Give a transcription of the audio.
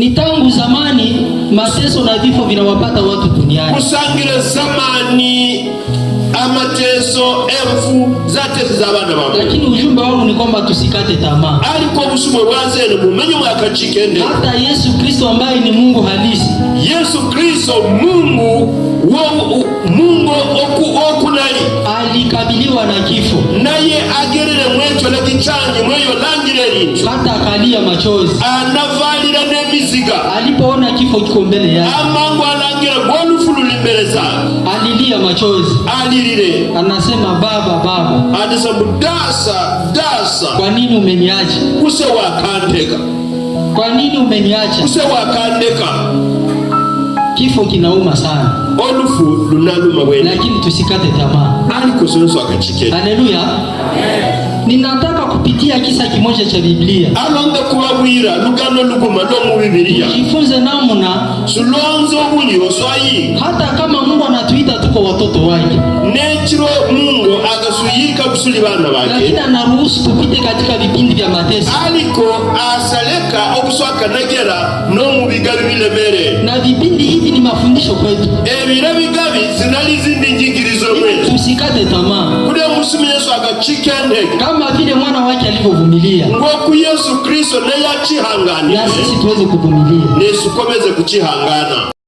Ni tangu zamani mateso na vifo vinawapata watu duniani. Kusangira zamani amateso elfu zateze za bana babo. Lakini ujumbe wangu ni kwamba tusikate tamaa. Aliko busumo rwazene mumenye mwakachikende. Hata Yesu Kristo ambaye ni Mungu halisi. Yesu Kristo Mungu wo Mungu oku oku nali alikabiliwa na kifo. Naye agerere mwecho na kichanye langire langireri. Hata akalia machozi. Anavalira alinisiga, alipoona kifo kiko mbele yake, amangu alangira gonufulu limbele zake, alilia machozi, alilile, anasema baba, baba, anasema dasa dasa, kwa nini umeniacha? kuse wakandeka, kwa nini umeniacha? kuse wakandeka Kifo kinauma sana. Olufu lunaluma wene. Lakini tusikate tamaa. Ali kusonso akachike. Haleluya. Ninataka kupitia kisa kimoja cha Biblia. Alonda kuwabwira lugano luguma no mu Biblia. Tujifunze namna sulonzo bulyo oswai Hata kama Mungu anatuita tuko watoto wake. Nechiro Mungu akasuyika kusuli bana bake. Lakini anaruhusu tupite katika vipindi vya mateso. Aliko asaleka okuswaka nagera no mu bigabi bilemere. Na vipindi ni mafundisho kwetu. Ebire bigabi zinalizindi nyingirizo kwetu. Tusikate tamaa. Kule musimu Yesu agacika Kama vile mwana wake alivyovumilia. Ngoku Yesu Kristo naye acihangana. Na sisi tuweze kuvumilia. Nesikomeze kuchihangana.